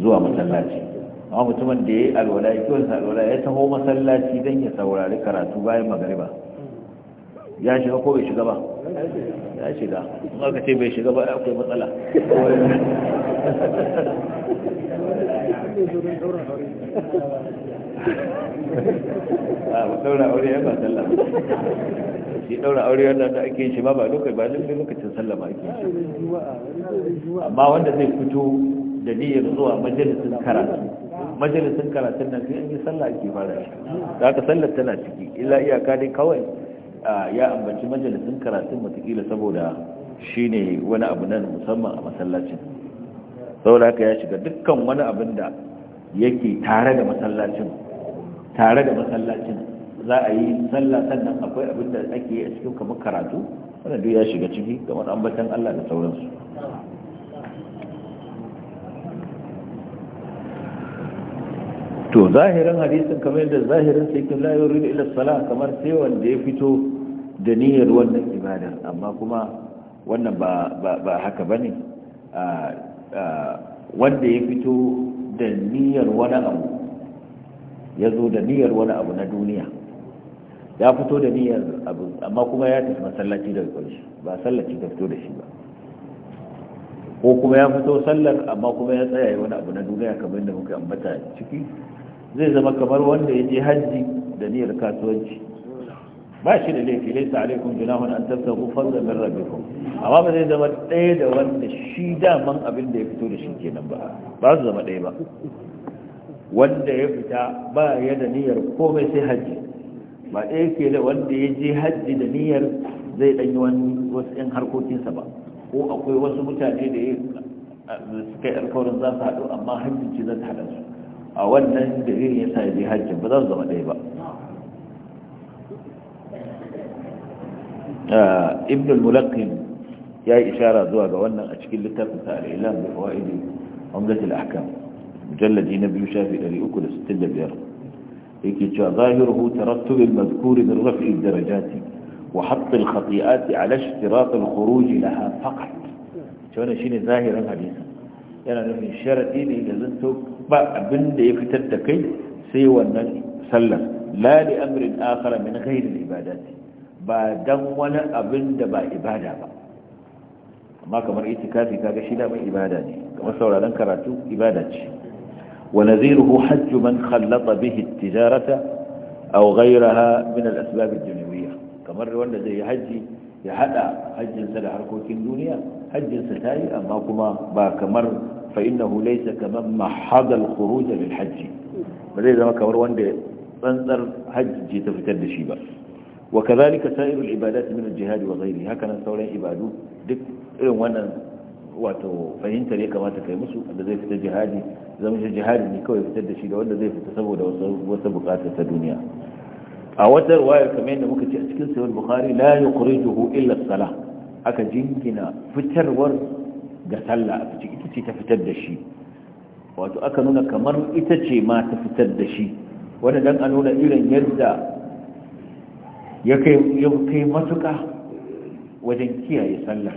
zuwa masallaci amma mutumin da ya yi alwala ya kiwon alwala ya taho masallaci don ya saurari karatu bayan magariba ya shiga ko bai shiga ba ya shiga kuma ka ce bai shiga ba akwai matsala <laughs> a ah, ba daura aure ya ba sallah shi daura aure wanda da ake shi ma ba lokaci ba lalle lokacin sallah ba ake amma wanda zai fito da niyyar zuwa majalisin karatu majalisin karatun nan sai an yi sallah ake fara shi da haka sallar tana ciki illa iyaka dai kawai ya ambaci majalisin karatun watakila saboda shine wani abu nan musamman a masallacin saboda haka ya shiga dukkan wani abin da yake tare da masallacin tare da masallacin za a yi sallah sannan akwai abin da ake yi a cikin kamar karatu wanda duk ya shiga ciki kamar ambatan Allah da sauransu to zahirin hadisin kamar yadda zahirin sai kin la yuridu ila salah kamar sai wanda ya fito da niyyar wannan ibadar amma kuma wannan ba ba haka bane ah, ah, wanda ya fito da niyyar wani abu ya zo da niyyar wani abu na duniya ya fito da niyyar abu amma kuma ya tafi masallaci daga kwanci ba sallaci ta fito da shi ba ko kuma ya fito sallar amma kuma ya tsaya wani abu na duniya kamar yadda muka ambata ciki zai zama kamar wanda ya je hajji da niyyar kasuwanci ba shi da laifi laisa alaikum junahun an tabtagu fadlan min rabbikum amma ba zai zama ɗaya da wanda shi daman abin da ya fito da shi kenan ba ba su zama ɗaya ba wanda ya fita ba ya da niyyar komai sai hajji ba ɗaya ke da wanda ya je hajji da niyyar zai ɗanyi wasu 'yan harkokinsa ba ko akwai wasu mutane da suka yi alkawarin za su haɗu amma hajji ce za ta haɗa su a wannan dalilin ya sa ya je hajji ba za su zama ɗaya ba ibn al-mulaqin ya yi ishara zuwa ga wannan a cikin littafin sa al-ilam bi fawaidi umdat ahkam mujalladi na biyu shafi 365 yake cewa zahiru tarattul al da raf'i darajati wa hatt al-khati'at ala ishtirat al-khuruj laha faqat wannan shine zahirin hadisi yana nufin sharaɗi ne da zanto ba abin da ya fitar da kai sai wannan sallar la li amrin akhar min ghayri al-ibadati ba dan wani abin da ba ibada ba amma kamar itikafi kaga shi da mai ibada ne kamar sauraron karatu ibada ce ونذيره حج من خلط به التجارة أو غيرها من الأسباب الدنيوية كمر س ب ا ب زي حج يحدى حج سلاح ركوكين دنيا حج ستاي أما كما ا ك م ليس كمن محض الخروج للحج وليس كمر و ن حج جيت في تدشيبا وكذلك سائر العبادات من الجهاد وغيره هكذا سولين عبادو دك إ ل ا وانا وفهمت ليك ما تكيمسو الذي في تجهادي zama shi jihadi ne kawai fitar da shi da wanda zai fita saboda wasu bukata ta duniya a wata ruwayar kamar yadda muka ce a cikin sayar bukari la ya juhu illa sala aka jingina fitarwar ga sallah a cikin ita ce ta fitar da shi wato aka nuna kamar ita ce ma ta fitar da shi wanda dan a nuna irin yadda ya kai matuka wajen kiyaye sallah.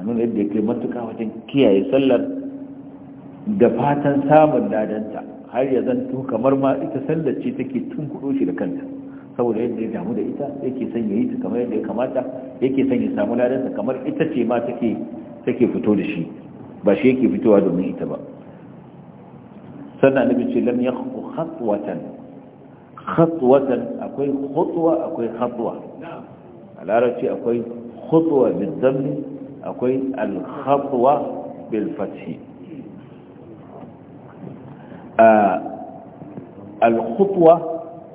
a nuna yadda ya kai matuka wajen kiyaye sallar da fatan samun ladanta har ya zanto kamar ma ita sallar ce take tun kudo shi da kanta saboda yadda ya damu da ita yake son ya yi ta kamar yadda ya kamata yake son ya samu ladanta kamar ita ce ma take take fito da shi ba shi yake fitowa domin ita ba sannan nabi ce lam yakhfu khatwatan khatwatan akwai khutwa akwai khatwa a larabci akwai khutwa bil dhammi akwai al khatwa bil fathi al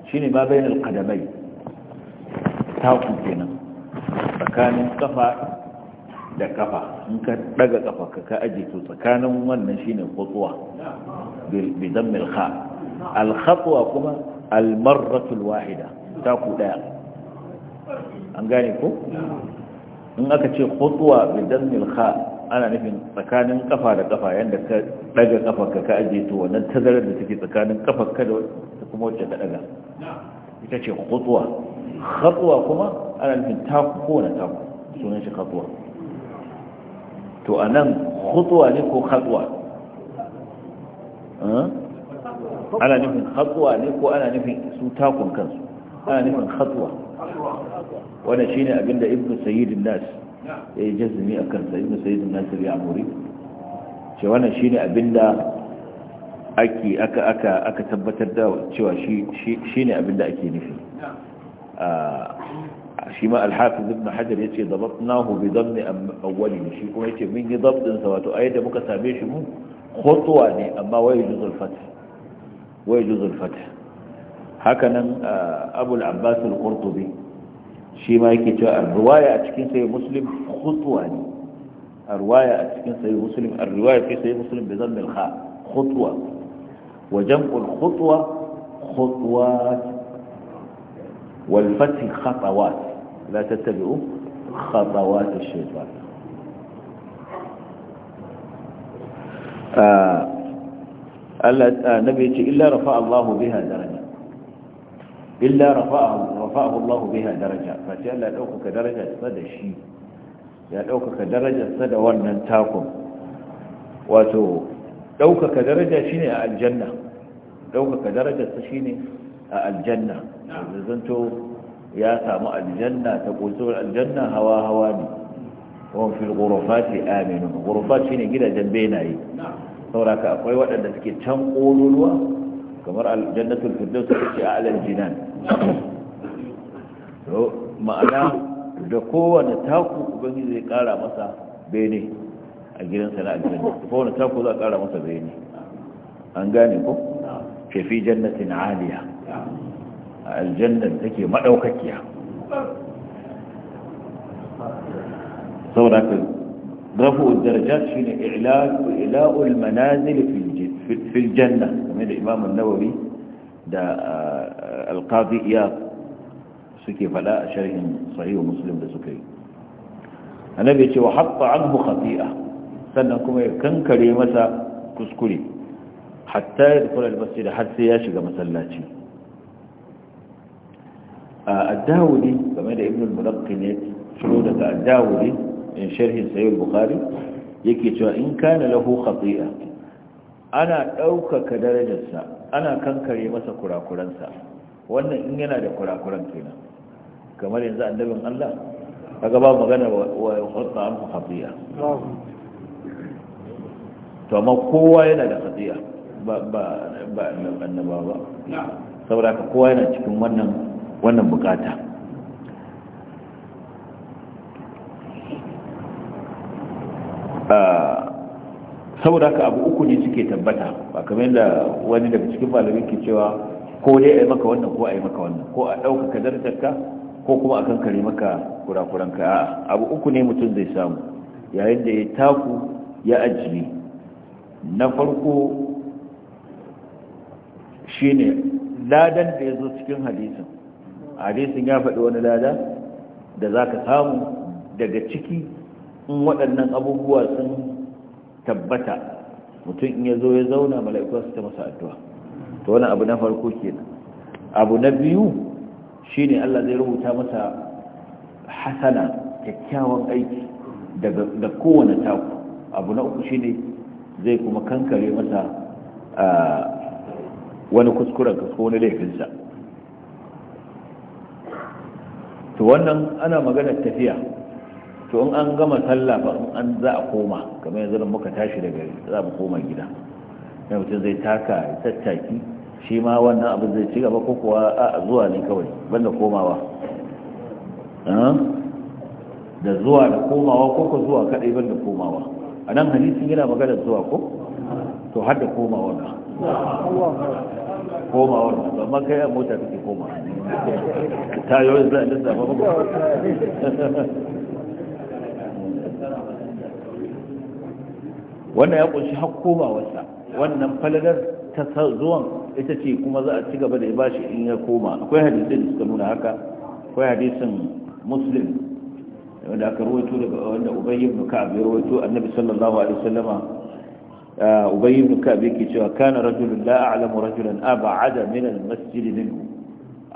shine ma bayan al-qadamai taku kenan tsakanin kafa da kafa in ka daga kafa ka ka aje to tsakanin wannan shine khutwa bi damm al-kha kuma al-marratu al-wahida taku daya an gane ko in aka ce khutwa bi damm al-kha ana nufin tsakanin kafa da kafa yanda ka daga kafarka ka ajiye to wannan tazarar da take tsakanin kafarka da kuma wacce ka daga ita ce khutwa khutwa kuma ana nufin taku ko na taku sunan shi khutwa to anan khutwa ne ko khutwa ana nufin khutwa ne ko ana nufin su takun kansu ana nufin khutwa wannan shine abinda ibnu sayyidin nas ya jazmi akan sayyidin Nasir ya amuri ce wannan shine abinda ake aka aka tabbatar da cewa shi abin da ake nufi ah, shi ma al-hafiz ibn hajar yace dabatnahu bi dammi awwali shi kuma yace mun yi dabtin sa wato ayyada muka same shi mu khutwa ne amma wai juzul fath wai juzul fath haka ah, abbas al-qurtubi shi ma yake cewa riwaya a cikin sai muslim khutwa ne الرواية أتكين سيد مسلم الرواية في سيد مسلم بضم الخاء خطوة وجمع الخطوة خطوات والفتح خطوات لا تتبعوا خطوات الشيطان آه، آه، النبي إلا رفع الله بها درجة إلا رفعه, رفعه الله بها درجة لا أخك درجة فدشي ya ɗaukaka darajarsa da wannan takon. wato ɗaukaka daraja shi ne a aljanna ɗaukaka darajarsa shi ne a aljanna zanto ya samu aljanna ta ƙusurar aljanna hawa-hawa ne wọn fi gurufati aminu shi ne gidajen benaye sauraka akwai waɗanda suke can ƙololuwa kamar aljannatul firdaus ce a alal jinan ma'ana da kowane taku ubangiji zai kara masa bene a gidansa na aljanna kowane taku za a kara masa bene an gane ko ke fi jannatin aliya a aljannan take madaukakiya saboda ka rafu darajat shine i'la'u i'la'u al-manazil fi al kamar da imam an-nawawi da al-qadi iyad suke fada a sharhin sahihu muslim da suka yi annabi ya ce wa hatta anhu khati'a sannan kuma ya kankare masa kuskure hatta ya dukula almasjid har sai ya shiga masallaci ad-dawudi game da ibn al-mulaqqin ya shiro daga ad-dawudi in sharhin sahih al-bukhari yake cewa in kana lahu khati'a ana ɗaukaka darajarsa ana kankare masa kurakuransa wannan in yana da kurakuran kenan kamar yanzu annabin Allah kaga ba magana wa yuqta an khatiya to amma kowa yana da khatiya ba ba ba annaba ba saboda ka kowa yana cikin wannan wannan bukata ah, saboda ka abu uku ne suke tabbata ba kamar da wani daga cikin malamin ke cewa ko dai a yi maka wannan ko a yi maka wannan ko a ɗaukaka darajarka ko kuma akan kare maka kurakuran a abu uku ne mutum zai samu yayin da ya taku ya ajiye na farko shine ladan da ya zo cikin hadisin hadisin ya faɗi wani lada da za ka samu daga ciki in waɗannan abubuwa sun tabbata mutum in ya zo ya zauna mala'ikuwa su ta masa addu'a to wani abu na farko kenan abu na biyu shine Allah zai rubuta masa hasana kyakkyawan aiki daga da kowane taku abu na uku shine zai kuma kankare masa wani kuskuren ko wani laifinsa to wannan ana maganar tafiya to in an gama sallah ba in an za a koma kamar yanzu da muka tashi daga za mu koma gida na mutum zai taka tattaki shi ma wannan abin zai ci gaba ko kuwa a zuwa ne kawai banda komawa da zuwa da komawa ko ku zuwa kadai banda komawa a nan hadisin yana magana zuwa ko to har da komawa ka komawa ba amma kai a mota take koma tayoyin za a lissafa ba wannan ya kunshi har komawarsa wannan falalar ta zuwan ita ce kuma za a ci gaba da bashi in ya koma akwai hadisin da suka nuna haka akwai hadisin muslim wanda aka rawaito daga wanda ubay ibn ka'ab ya rawaito annabi sallallahu alaihi wasallama ubay ibn ka'ab yake cewa kana rajulun la a'lamu rajulan ab'ada min al-masjid minhu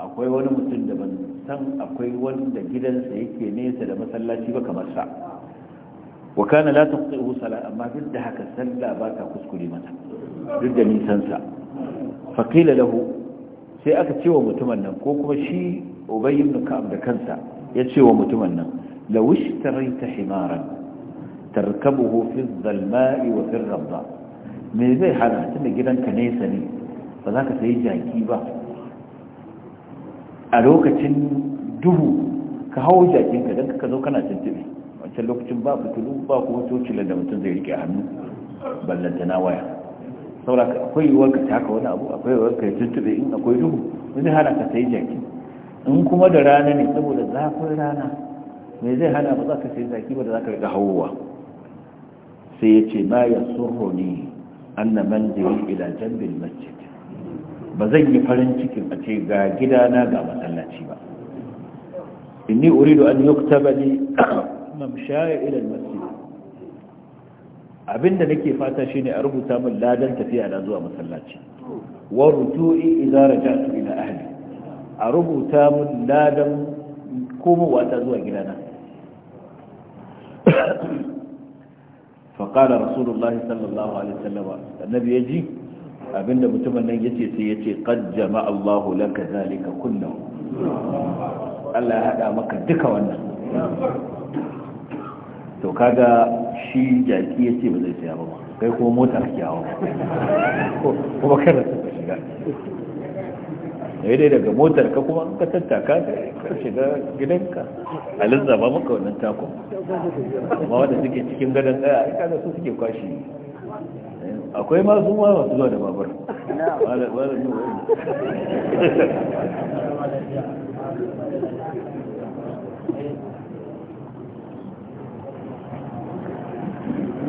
akwai wani mutum da ban san akwai wanda gidansa yake nesa da masallaci ba kamar sa wa kana la taqti'u salat amma duk da haka sallah ba ta kuskure mata duk da nisan sa faƙila lahu sai aka ce wa mutumin nan ko kuma shi ubayin da da kansa ya ce wa mutumin nan lawish taraita himaran tarkabuhu fi zalma'i wa fi rabba me zai hana da gidanka nesa ne ba za ka sayi jaki ba a lokacin duhu ka hau jakinka don ka zo kana tuntube wancan lokacin ba fitilu ba kuma tocila da mutum zai rike hannu ballantana waya saboda akwai yiwuwar ka taka wani abu akwai yiwuwar ka tuntube in akwai duhu zai hana ka sayi jaki in kuma da rana ne saboda zafin rana me zai hana ba za ka sayi jaki ba da za ka riga hauwa sai ya ce ma ya surro ne an na yi ila jambin masjid ba zan yi farin cikin a ce ga gidana ga masallaci ba inni uridu an yuktaba li <clears throat> mamshaya ila masjid Abin da nake fata shine a rubuta min ladan tafiya na zuwa masallaci wa rutu'i idza raja'tu ila ahli a rubuta min ladan komowa ta zuwa gidana فقال رسول الله صلى الله عليه وسلم النبي يجي abinda mutumin nan yace sai yace qad jama'a Allah laka zalika kullahu Allah ya hada maka duka wannan to kaga shi jaki ya ce ba zai saya ba kai ko mota kake hawa kuma kana so ka shiga daidai daga motar ka kuma ka tattaka ka shiga gidanka a ba maka wannan tako amma wanda suke cikin gadon daya a kaga su suke kwashi akwai masu ma masu zuwa da babar ba da wala wala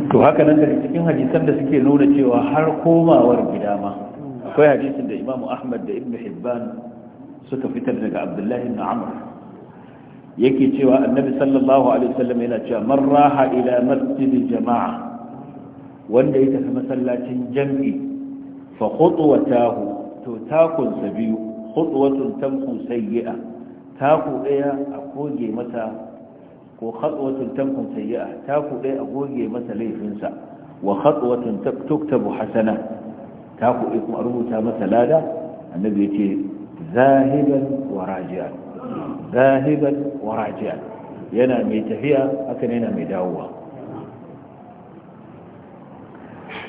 to haka nan daga cikin hadisan da suke nuna cewa har komawar gida ma akwai hadisin da imamu ahmad da ibn hibban suka fitar daga abdullahi ibn amr yake cewa annabi sallallahu alaihi wasallam yana cewa man raha ila masjid jama'a wanda ya tafi masallacin jam'i fa khutwatahu to takun sa khutwatun tamhu sayyi'a taku daya a koge mata ko khatwatun tamkun sayyi'a ta kuɗe a goge masa laifinsa wa khatwatun tuktabu hasana ta kuɗe kuma rubuta masa lada annabi yace zahiban wa raji'an zahiban wa raji'an yana mai tafiya haka ne yana mai dawowa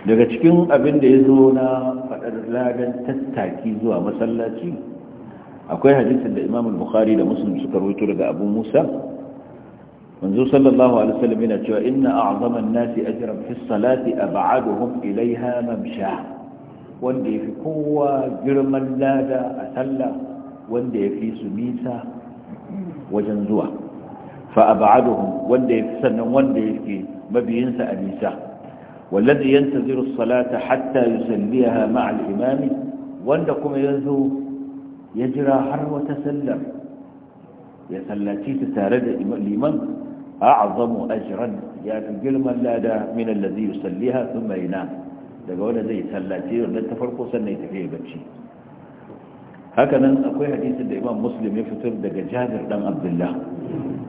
daga cikin abin da ya zo na faɗar ladan tattaki zuwa masallaci akwai hadisin da imamul bukhari da muslim suka rawaito daga abu musa منذ صلى الله عليه وسلم هنا إن أعظم الناس أجرا في الصلاة أبعدهم إليها ممشاه wanda ya fi kowa girman lada a sallah wanda ya fi su nisa wajen zuwa fa'abaduhun wanda ya fi sannan wanda ya fi mabiyinsa a nisa wallazi yanta ziru salata hatta yi salliya ma'al imami wanda kuma ya ya jira har wata sallar ya sallaci ta tare da liman أعظم أجرا ظ م أ ج يعني ا ل ج ل من الذي يصليها ثم ينام تقول زي سلاتي ولا تفرق وسنيت فيه بمشي هكذا اقوى حديث الإمام مسلم يفتر دق جابر بن عبد الله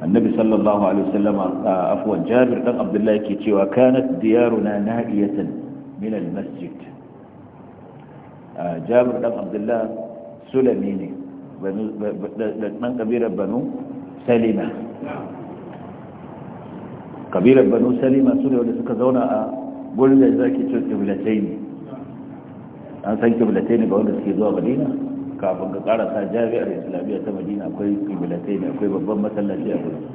النبي صلى الله عليه وسلم آه، عفوا جابر بن عبد الله كيتي وكانت ديارنا نائية من المسجد آه، جابر بن عبد الله سلميني من قبيله بنو سلمه kabilar banu salima su ne wanda suka zauna a gurin da zaki cin kiblatai ne an san kiblatai ne ga wanda suke zuwa madina kafin ka karasa jami'ar islamiyya ta madina akwai kiblatai ne akwai babban masallaci a gurin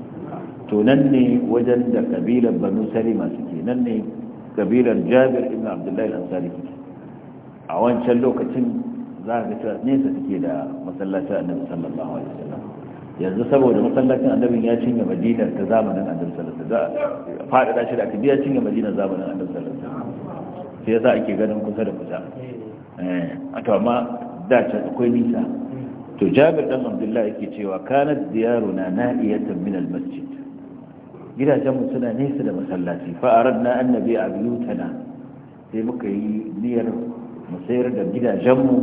to nan ne wajen da kabilar banu salima suke nan ne kabilar jami'ar ibn abdullahi al-ansari a wancan lokacin za ka cewa nesa suke da masallacin annabi sallallahu alaihi wasallam yanzu saboda masallacin annabin ya cinye madina ta zamanin annabi sallallahu alaihi wasallam da shi da aka biya cinye madina zamanin annabi sallallahu alaihi wasallam sai yasa ake ganin kusa da kusa eh a to amma da can akwai nisa to jabir dan abdullah yake cewa kanat diyaruna na'iyatan min al-masjid gidajen mu suna nesa da masallaci fa aradna annabi a abiyutana sai muka yi niyyar mu sayar da gidajen mu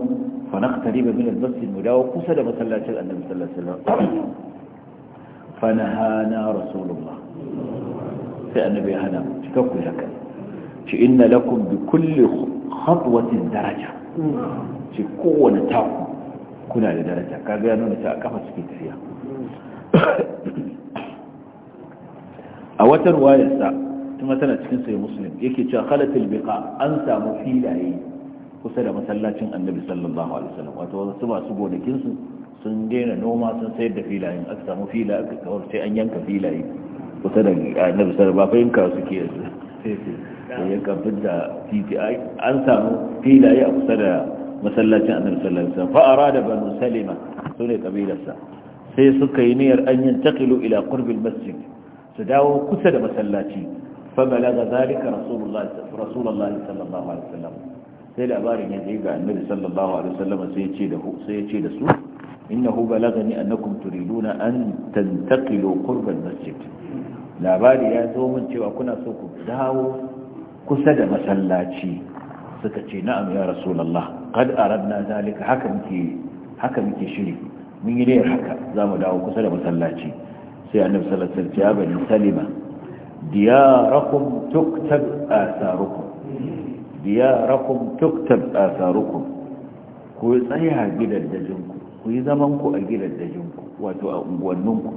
فنقترب من البث المدى وقصد مسلسل أن مسلسل فنهانا رسول الله النبي بيهانا تكوكو لك إن لكم بكل خطوة درجة تكوو نتاكم كنا لدرجة كابيان نتاك فسكت فيها <clears throat> أولا وايسا ثم تنتكسي مسلم يكي تشاخلت البقاء أنسى مفيدة kusa da masallacin annabi sallallahu alaihi wasallam wato wasu masu gonakinsu sun daina noma sun sayar da filayen aka samu fila aka kawar sai an yanka filaye kusa da annabi sallallahu ba fa yanka suke yanzu sai ya kafin da titi an samu filaye a kusa da masallacin annabi sallallahu alaihi wasallam fa arada banu salima sune kabilarsa sai suka yi niyyar an yantaqilu ila qurbil masjid su dawo kusa da masallaci fa balaga zalika rasulullahi sallallahu alaihi wasallam sai labarin ya je ga annabi sallallahu alaihi wasallam sai ya ce da sai ya ce da su innahu balagani annakum turiduna an tantaqilu qurba masjid labari ya zo min cewa kuna so ku dawo kusa da masallaci suka ce na'am ya rasulullah qad aradna zalika haka muke haka muke shiri mun yi ne haka zamu dawo kusa da masallaci sai annabi sallallahu alaihi wasallam ya bani salima diyarakum tuktab atharukum diyarakum tuktab atharukum ku tsaya gidan gidaddajinku ku yi zaman ku a gidaddajinku wato a unguwanninku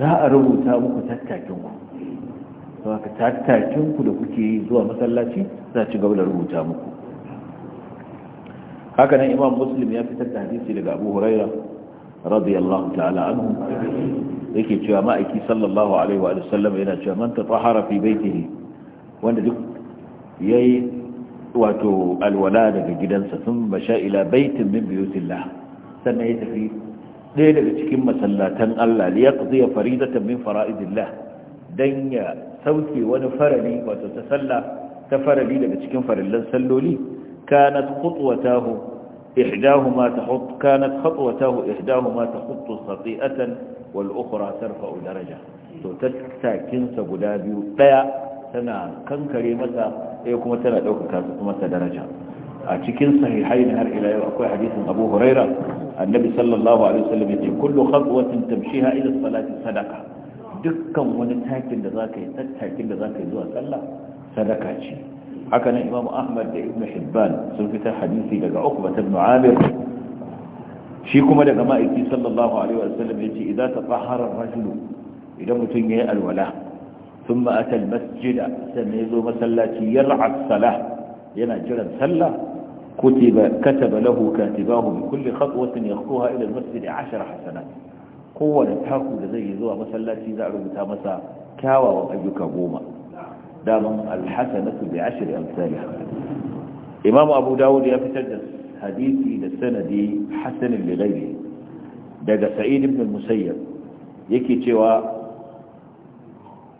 za a rubuta muku tattakinku to haka tattakinku da kuke yi zuwa masallaci za ci gaba da rubuta muku haka nan imam muslim ya fitar da hadisi daga abu huraira radiyallahu ta'ala anhu yake cewa ma'aiki sallallahu alaihi wa sallam yana cewa man tatahara fi baitihi wanda duk yayi wato alwala daga gidansa sun basha ila baitin min biyutillah sannan ya tafi ɗaya daga cikin masallatan Allah ya qdiya faridatan min fara'idillah dan ya sauke wani farali wato ta sallah ta farali daga cikin farillan salloli kanat khutwatahu ihdahuma tahut kanat khutwatahu ihdahuma tahuttu sati'atan wal ukhra tarfa'u daraja to tattakin sa guda biyu daya tana kankare masa ɗaya kuma tana ɗaukaka su kuma ta daraja a cikin sahihain har ila yau akwai hadisin abu huraira annabi sallallahu alaihi wasallam yace kullu khatwatin tamshiha ila salati sadaqa dukkan wani takin da zaka yi tattakin da zaka yi zuwa sallah sadaka ce haka nan imamu ahmad da ibnu hibban sun fitar hadisi daga uqba ibn amir shi kuma daga ma'aiki sallallahu alaihi wasallam yace idza tatahhara ar-rajulu idan mutum yayi alwala sun ba aka masjida sai mai zo masallaci ya raha yana jiran sallah kata ba lahu katibahu bi kulli khatwatin yakhuha ila almasjid 10 hasanat kowane taku da zai yi zuwa masallaci za a rubuta masa kyawawan ayyuka goma daman alhasanatu bi 10 amsalih imamu abu dawud ya fitar da hadisi da sanadi hasan lilayli daga sa'id ibn musayyab yake cewa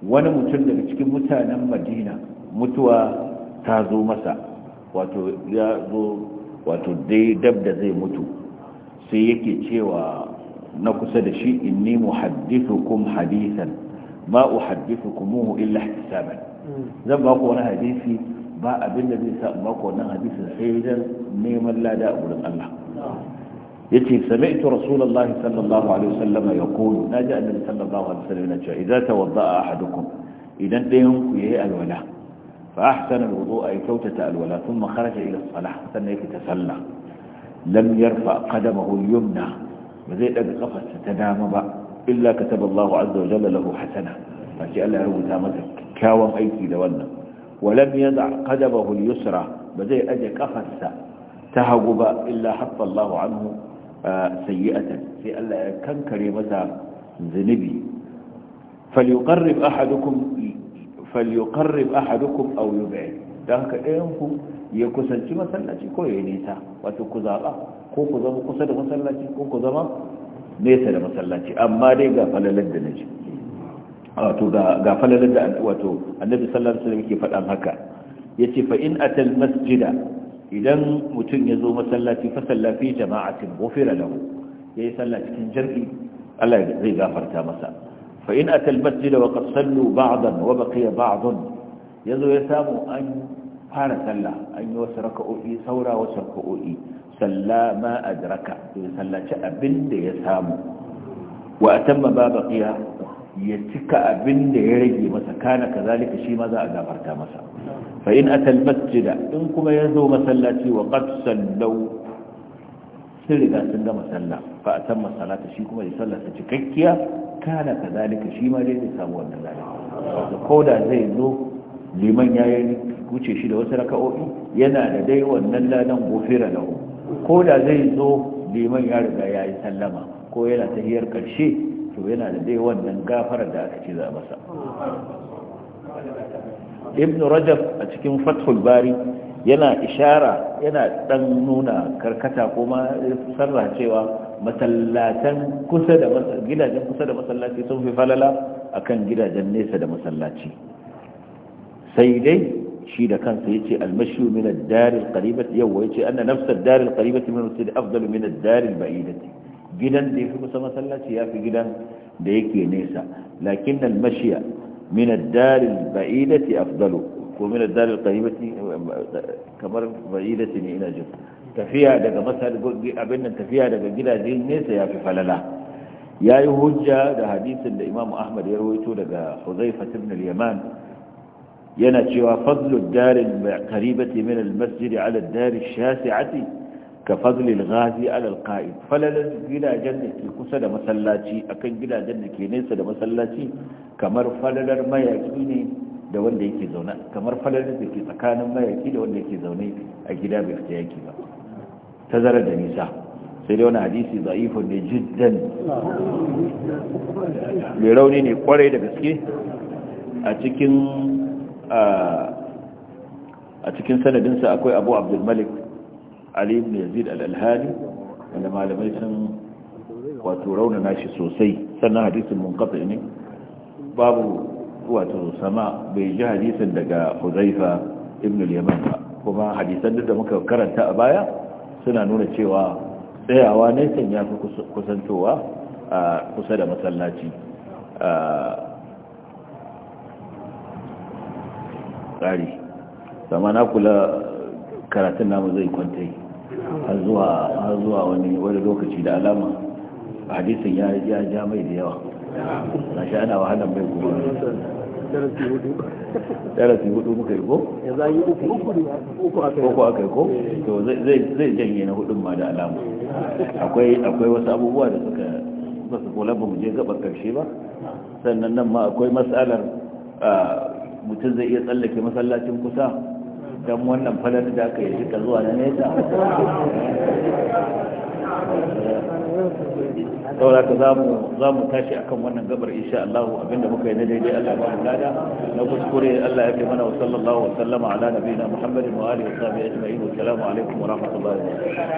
wani mutum daga cikin mutanen madina mutuwa ta zo masa wato ya zo wato dai dab da zai mutu sai yake cewa na kusa da shi inni muhaddithukum hadithan ma uhaddithukumuhu illa ihtisaban zan ba ku wani hadisi ba abin da zai sa ba ku wannan hadisin sai dan neman lada a gurin Allah يتي سمعت رسول الله صلى الله عليه وسلم يقول نادى النبي صلى الله عليه وسلم نجأ إذا توضأ أحدكم إذا ديهم كيه الولاء فأحسن الوضوء أي توتة الولا ثم خرج إلى الصلاة ثم يتسلى لم يرفع قدمه اليمنى وزيد أبي قفص تنام إلا كتب الله عز وجل له حسنة فجأل له تامتك كاوم أيتي دولنا ولم يضع قدمه اليسرى بزي أجي كفص تهقب إلا حط الله عنه sayyi'atan sai Allah ya kankare masa zunubi falyuqarrib ahadukum falyuqarrib ahadukum aw yub'id dan haka ɗayan ku ya kusanci masallaci ko ya nisa wato ku zaba ko ku zama kusa da masallaci ko ku zama nesa da masallaci amma dai ga falalar da naji wato ga falalar da wato annabi sallallahu alaihi wasallam yake faɗan haka yace fa in atal masjida idan mutum ya zo masallaci fa sallafi jama'atin gufira lahu yayi salla cikin jam'i Allah zai gafarta masa fa in ata da masjid sallu ba'dan wa baqiya ba'dun yazo ya samu an fara sallah an yi wasu raka'o'i saura wasu raka'o'i ma a to ya sallaci abin da ya samu wa atamma ba baqiya ya cika abin da ya rage masa kana ka zalika shi ma za a gafarta masa fa in atal masjida in kuma ya zo masallaci wa qad sallau sun riga sun gama sallah fa atan masallata shi kuma ya salla ta cikakkiya kana ka zalika shi ma dai zai samu wannan zalika ko da zai zo liman yi wuce shi da wasu raka'o'i yana da dai wannan ladan gofira lahu ko da zai zo liman ya riga ya yi sallama ko yana tahiyar karshe to yana da dai wannan gafarar da aka ce za masa ibn rajab a cikin fathul bari yana ishara yana dan nuna karkata kuma sarra cewa masallatan kusa da gidajen kusa da masallaci sun fi falala akan gidajen nesa da masallaci sai dai shi da kansa yace almashu min ad-dar al-qaribati yawa yace anna nafs ad-dar al-qaribati min al-masjid afdalu min ad-dar al gidan da ya fi kusa masallaci ya fi gidan da yake nesa lakin nan mashiya min ad-dar al-ba'idati afdalu ko min ad-dar al-qaribati kamar ba'idati ne ina jin tafiya daga masallaci abin nan tafiya daga gidajen nesa ya fi falala ya yi hujja da hadisin da Imam Ahmad ya rawaito daga Huzaifa ibn al-Yaman yana cewa fadlu ad-dar al-qaribati min al-masjid ala ad-dar ash-shasi'ati ka fazlil ghazi alal qa'id falalan gidajen da ke kusa da masallaci akan gidajen da ke nesa da masallaci kamar falalar mayaki ne da wanda yake zaune kamar falalar da ke tsakanin mayaki da wanda yake zaune a gida bai fita yaki ba tazara da nisa sai dai wani hadisi za'ifun ne jiddan mai rauni ne kwarai da gaske a cikin a cikin sanadinsa akwai abu abdulmalik ali ibn yazid al-alhali wanda malamai sun wato raunana shi sosai sannan hadisin munqati ne babu wato sama bai ji hadisin daga huzaifa ibn al-yaman ba kuma hadisan da muka karanta a baya suna nuna cewa tsayawa nesan ya fi kusantowa a kusa da masallaci tsari zama na kula karatun namu zai kwantai har zuwa wani wani lokaci da alama hadisin ya ja mai da yawa na sha ana wahalar mai kuma darasi hudu muka yi ko? uku aka yi ko? to zai janye na hudun ma da alama akwai wasu abubuwa da suka ba su ba mu je gabar karshe ba sannan nan ma akwai matsalar ah, mutum zai iya tsallake masallacin kusa don wannan falar da aka yi suka zuwa na nesa saboda ka za mu tashi akan wannan gabar insha Allah abinda muka yi na daidai Allah ya mu lada na kuskure Allah ya fi mana wa sallallahu wa sallama ala na Muhammadin wa alihi wa sahbihi ajma'in wa assalamu alaikum wa rahmatullahi wa barakatuh